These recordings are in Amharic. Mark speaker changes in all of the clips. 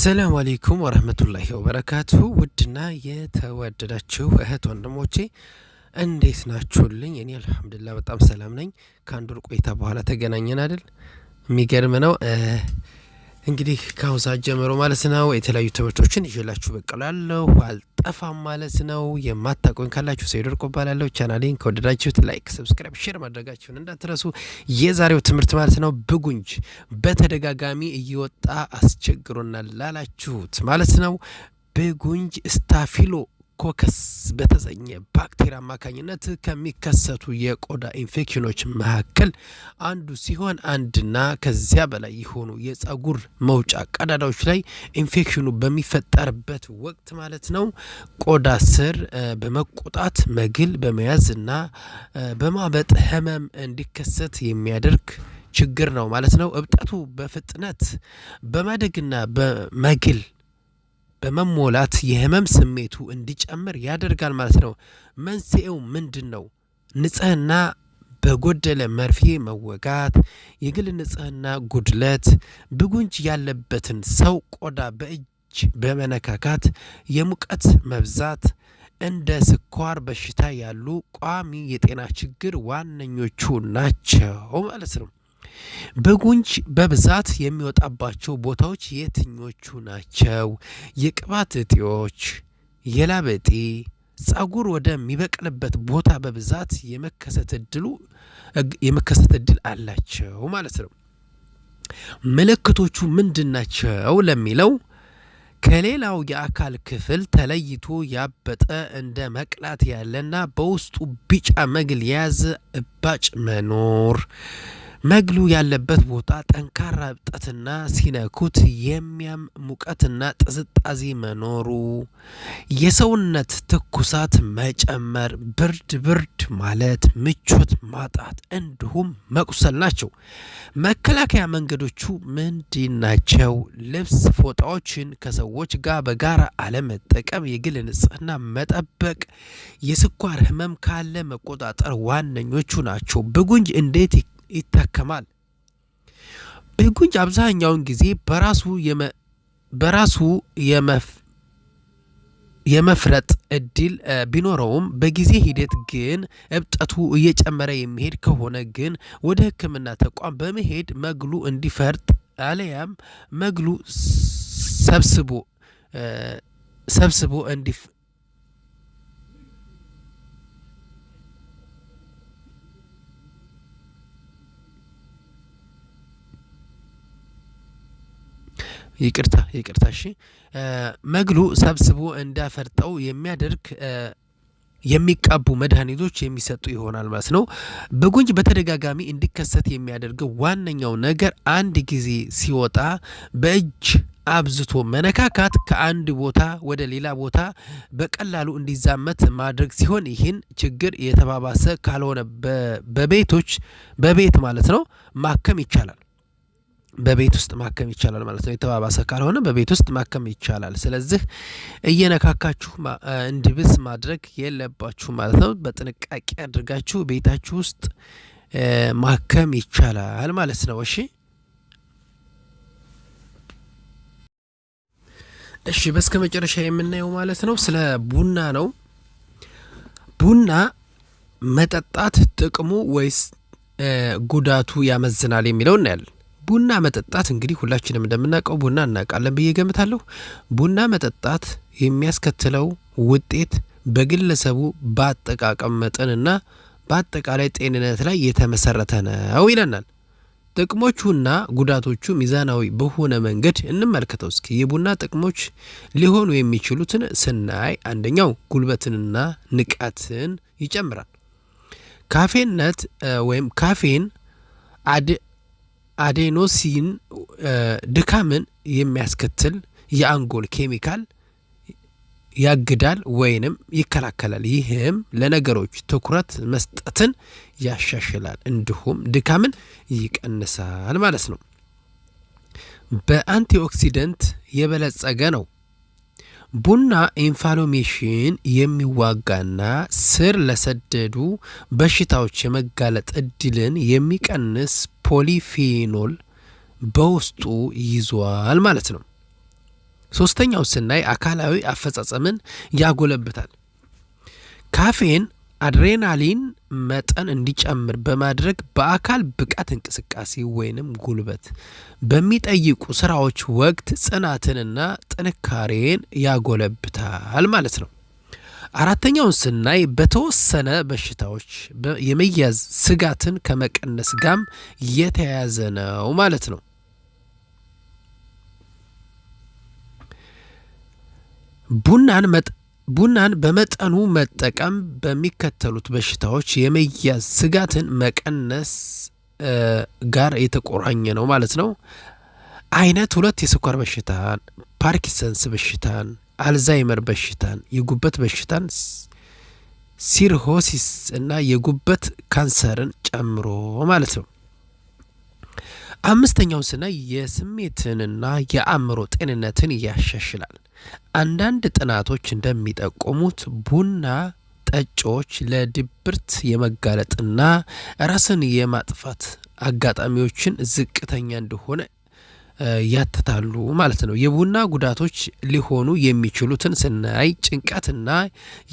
Speaker 1: ሰላም አሌይኩም ወረህመቱላሂ ወበረካቱሁ። ውድና የተወደዳችሁ እህት ወንድሞቼ እንዴት ናችሁልኝ? እኔ አልሐምዱላ በጣም ሰላም ነኝ። ከአንድ ወር ቆይታ በኋላ ተገናኘን አይደል? የሚገርም ነው። እንግዲህ ከአሁን ሰዓት ጀምሮ ማለት ነው የተለያዩ ትምህርቶችን ይዤላችሁ በቀላለሁ። አልጠፋም ማለት ነው። የማታቆኝ ካላችሁ ሰይዶር ቆባላለሁ። ቻናሌን ከወደዳችሁት ላይክ፣ ሰብስክራይብ፣ ሼር ማድረጋችሁን እንዳትረሱ። የዛሬው ትምህርት ማለት ነው ብጉንጅ በተደጋጋሚ እየወጣ አስቸግሮናል ላላችሁት ማለት ነው ብጉንጅ ስታፊሎ ኮከስ በተሰኘ ባክቴሪያ አማካኝነት ከሚከሰቱ የቆዳ ኢንፌክሽኖች መካከል አንዱ ሲሆን አንድና ከዚያ በላይ የሆኑ የጸጉር መውጫ ቀዳዳዎች ላይ ኢንፌክሽኑ በሚፈጠርበት ወቅት ማለት ነው ቆዳ ስር በመቆጣት መግል በመያዝና በማበጥ ህመም እንዲከሰት የሚያደርግ ችግር ነው ማለት ነው። እብጠቱ በፍጥነት በማደግና በመግል በመሞላት የህመም ስሜቱ እንዲጨምር ያደርጋል ማለት ነው። መንስኤው ምንድን ነው? ንጽህና በጎደለ መርፌ መወጋት፣ የግል ንጽህና ጉድለት፣ ብጉንጅ ያለበትን ሰው ቆዳ በእጅ በመነካካት፣ የሙቀት መብዛት፣ እንደ ስኳር በሽታ ያሉ ቋሚ የጤና ችግር ዋነኞቹ ናቸው ማለት ነው። በጉንጅ በብዛት የሚወጣባቸው ቦታዎች የትኞቹ ናቸው? የቅባት እጢዎች፣ የላብ እጢ፣ ጸጉር ወደሚበቅልበት ቦታ በብዛት የመከሰት እድሉ የመከሰት እድል አላቸው ማለት ነው። ምልክቶቹ ምንድን ናቸው ለሚለው ከሌላው የአካል ክፍል ተለይቶ ያበጠ እንደ መቅላት ያለና በውስጡ ቢጫ መግል የያዘ እባጭ መኖር መግሉ ያለበት ቦታ ጠንካራ እብጠትና ሲነኩት የሚያም ሙቀትና ጥዝጣዜ መኖሩ፣ የሰውነት ትኩሳት መጨመር፣ ብርድ ብርድ ማለት፣ ምቾት ማጣት እንዲሁም መቁሰል ናቸው። መከላከያ መንገዶቹ ምንድን ናቸው? ልብስ፣ ፎጣዎችን ከሰዎች ጋር በጋራ አለመጠቀም፣ የግል ንጽህና መጠበቅ፣ የስኳር ህመም ካለ መቆጣጠር ዋነኞቹ ናቸው። ብጉንጅ እንዴት ይታከማል። ብጉንጅ አብዛኛውን ጊዜ በራሱ በራሱ የመፍረጥ እድል ቢኖረውም በጊዜ ሂደት ግን እብጠቱ እየጨመረ የሚሄድ ከሆነ ግን ወደ ሕክምና ተቋም በመሄድ መግሉ እንዲፈርጥ አለያም መግሉ ሰብስቦ ሰብስቦ ይቅርታ ይቅርታ። እሺ መግሉ ሰብስቦ እንዳፈርጠው የሚያደርግ የሚቃቡ መድኃኒቶች የሚሰጡ ይሆናል ማለት ነው። በጉንጅ በተደጋጋሚ እንዲከሰት የሚያደርገው ዋነኛው ነገር አንድ ጊዜ ሲወጣ በእጅ አብዝቶ መነካካት ከአንድ ቦታ ወደ ሌላ ቦታ በቀላሉ እንዲዛመት ማድረግ ሲሆን ይህን ችግር የተባባሰ ካልሆነ በቤቶች በቤት ማለት ነው ማከም ይቻላል። በቤት ውስጥ ማከም ይቻላል ማለት ነው። የተባባሰ ካልሆነ በቤት ውስጥ ማከም ይቻላል። ስለዚህ እየነካካችሁ እንዲብስ ማድረግ የለባችሁ ማለት ነው። በጥንቃቄ አድርጋችሁ ቤታችሁ ውስጥ ማከም ይቻላል ማለት ነው። እሺ እሺ፣ በስከ መጨረሻ የምናየው ማለት ነው ስለ ቡና ነው። ቡና መጠጣት ጥቅሙ ወይስ ጉዳቱ ያመዝናል የሚለው እናያለን። ቡና መጠጣት እንግዲህ ሁላችንም እንደምናውቀው ቡና እናውቃለን ብዬ ገምታለሁ። ቡና መጠጣት የሚያስከትለው ውጤት በግለሰቡ በአጠቃቀም መጠንና በአጠቃላይ ጤንነት ላይ የተመሰረተ ነው ይለናል። ጥቅሞቹና ጉዳቶቹ ሚዛናዊ በሆነ መንገድ እንመልከተው። እስኪ የቡና ጥቅሞች ሊሆኑ የሚችሉትን ስናይ አንደኛው ጉልበትንና ንቃትን ይጨምራል። ካፌነት ወይም ካፌን አዴኖሲን ድካምን የሚያስከትል የአንጎል ኬሚካል ያግዳል ወይንም ይከላከላል። ይህም ለነገሮች ትኩረት መስጠትን ያሻሽላል፣ እንዲሁም ድካምን ይቀንሳል ማለት ነው። በአንቲኦክሲደንት የበለጸገ ነው። ቡና ኢንፋሎሜሽን የሚዋጋና ስር ለሰደዱ በሽታዎች የመጋለጥ እድልን የሚቀንስ ፖሊፌኖል በውስጡ ይዟል ማለት ነው። ሶስተኛው ስናይ አካላዊ አፈጻጸምን ያጎለብታል። ካፌን አድሬናሊን መጠን እንዲጨምር በማድረግ በአካል ብቃት እንቅስቃሴ ወይንም ጉልበት በሚጠይቁ ስራዎች ወቅት ጽናትንና ጥንካሬን ያጎለብታል ማለት ነው። አራተኛውን ስናይ በተወሰነ በሽታዎች የመያዝ ስጋትን ከመቀነስ ጋም የተያያዘ ነው ማለት ነው። ቡናን ቡናን በመጠኑ መጠቀም በሚከተሉት በሽታዎች የመያዝ ስጋትን መቀነስ ጋር የተቆራኘ ነው ማለት ነው። አይነት ሁለት የስኳር በሽታን፣ ፓርኪንሰንስ በሽታን፣ አልዛይመር በሽታን፣ የጉበት በሽታን፣ ሲርሆሲስ እና የጉበት ካንሰርን ጨምሮ ማለት ነው። አምስተኛውን ስናይ የስሜትንና የአእምሮ ጤንነትን ያሻሽላል። አንዳንድ ጥናቶች እንደሚጠቁሙት ቡና ጠጪዎች ለድብርት የመጋለጥና ራስን የማጥፋት አጋጣሚዎችን ዝቅተኛ እንደሆነ ያትታሉ ማለት ነው። የቡና ጉዳቶች ሊሆኑ የሚችሉትን ስናይ ጭንቀትና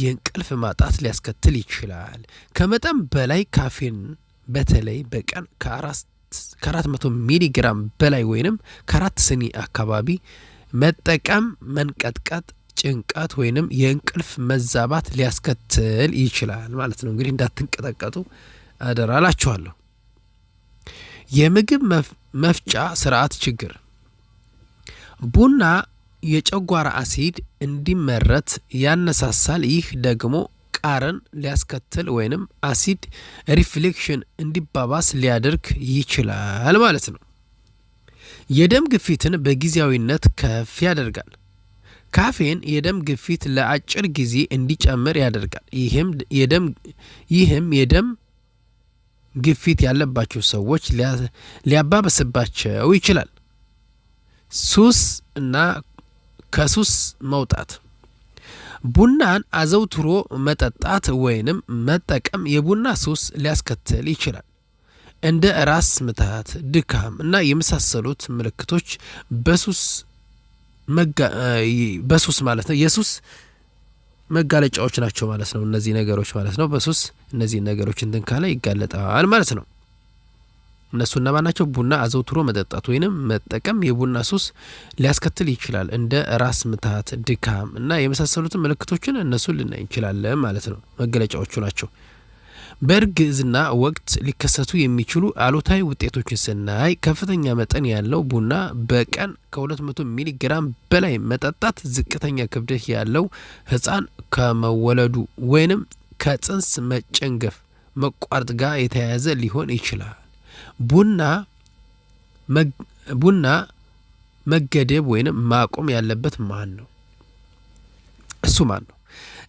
Speaker 1: የእንቅልፍ ማጣት ሊያስከትል ይችላል። ከመጠን በላይ ካፌን በተለይ በቀን ከአራት ከአራት መቶ ሚሊግራም በላይ ወይንም ከአራት ስኒ አካባቢ መጠቀም መንቀጥቀጥ ጭንቀት ወይንም የእንቅልፍ መዛባት ሊያስከትል ይችላል ማለት ነው። እንግዲህ እንዳትንቀጠቀጡ አደራ ላችኋለሁ። የምግብ መፍጫ ስርዓት ችግር፣ ቡና የጨጓራ አሲድ እንዲመረት ያነሳሳል። ይህ ደግሞ ቃረን ሊያስከትል ወይንም አሲድ ሪፍሌክሽን እንዲባባስ ሊያደርግ ይችላል ማለት ነው። የደም ግፊትን በጊዜያዊነት ከፍ ያደርጋል። ካፌን የደም ግፊት ለአጭር ጊዜ እንዲጨምር ያደርጋል። ይህም የደም ግፊት ያለባቸው ሰዎች ሊያባበስባቸው ይችላል። ሱስ እና ከሱስ መውጣት ቡናን አዘውትሮ መጠጣት ወይንም መጠቀም የቡና ሱስ ሊያስከትል ይችላል። እንደ ራስ ምታት፣ ድካም እና የመሳሰሉት ምልክቶች በሱስ ማለት ነው የሱስ መጋለጫዎች ናቸው ማለት ነው። እነዚህ ነገሮች ማለት ነው በሱስ እነዚህ ነገሮች እንትን ካለ ይጋለጠዋል ማለት ነው። እነሱ እነማን ናቸው? ቡና አዘውትሮ መጠጣት ወይንም መጠቀም የቡና ሱስ ሊያስከትል ይችላል። እንደ ራስ ምታት፣ ድካም እና የመሳሰሉትን ምልክቶችን እነሱ ልናይ እንችላለን ማለት ነው። መገለጫዎቹ ናቸው። በእርግዝና ወቅት ሊከሰቱ የሚችሉ አሉታዊ ውጤቶችን ስናይ ከፍተኛ መጠን ያለው ቡና በቀን ከ200 ሚሊ ግራም በላይ መጠጣት ዝቅተኛ ክብደት ያለው ህፃን ከመወለዱ ወይንም ከጽንስ መጨንገፍ መቋረጥ ጋር የተያያዘ ሊሆን ይችላል። ቡና ቡና መገደብ ወይንም ማቆም ያለበት ማን ነው? እሱ ማን ነው?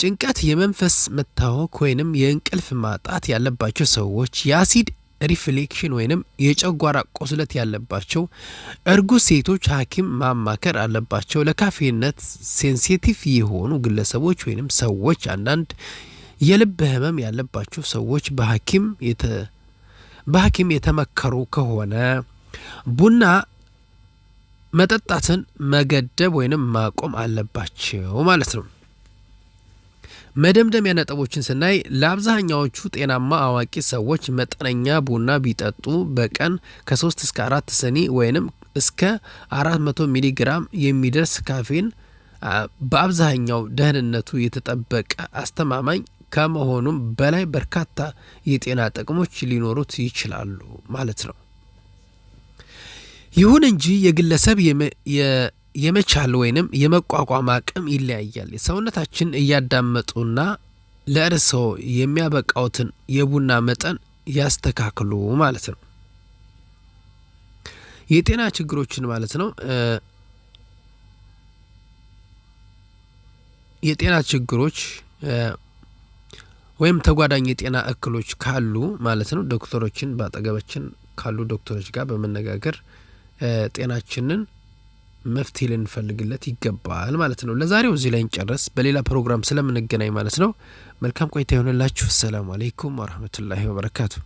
Speaker 1: ጭንቀት፣ የመንፈስ መታወክ ወይንም የእንቅልፍ ማጣት ያለባቸው ሰዎች፣ የአሲድ ሪፍሌክሽን ወይንም የጨጓራ ቁስለት ያለባቸው፣ እርጉዝ ሴቶች ሐኪም ማማከር አለባቸው። ለካፌነት ሴንሲቲቭ የሆኑ ግለሰቦች ወይንም ሰዎች፣ አንዳንድ የልብ ህመም ያለባቸው ሰዎች በሐኪም በሐኪም የተመከሩ ከሆነ ቡና መጠጣትን መገደብ ወይንም ማቆም አለባቸው ማለት ነው። መደምደሚያ ነጥቦችን ስናይ ለአብዛኛዎቹ ጤናማ አዋቂ ሰዎች መጠነኛ ቡና ቢጠጡ በቀን ከ3 እስከ 4 ስኒ ወይንም እስከ 400 ሚሊ ግራም የሚደርስ ካፌን በአብዛኛው ደህንነቱ የተጠበቀ አስተማማኝ ከመሆኑም በላይ በርካታ የጤና ጥቅሞች ሊኖሩት ይችላሉ ማለት ነው። ይሁን እንጂ የግለሰብ የመቻል ወይንም የመቋቋም አቅም ይለያያል። ሰውነታችን እያዳመጡና ለእርስዎ የሚያበቃውትን የቡና መጠን ያስተካክሉ ማለት ነው። የጤና ችግሮችን ማለት ነው የጤና ችግሮች ወይም ተጓዳኝ የጤና እክሎች ካሉ ማለት ነው ዶክተሮችን በአጠገባችን ካሉ ዶክተሮች ጋር በመነጋገር ጤናችንን መፍትሄ ልንፈልግለት ይገባል ማለት ነው። ለዛሬው እዚህ ላይ እንጨረስ። በሌላ ፕሮግራም ስለምንገናኝ ማለት ነው መልካም ቆይታ የሆነላችሁ። ሰላም አሌይኩም ወረህመቱላሂ ወበረካቱሁ።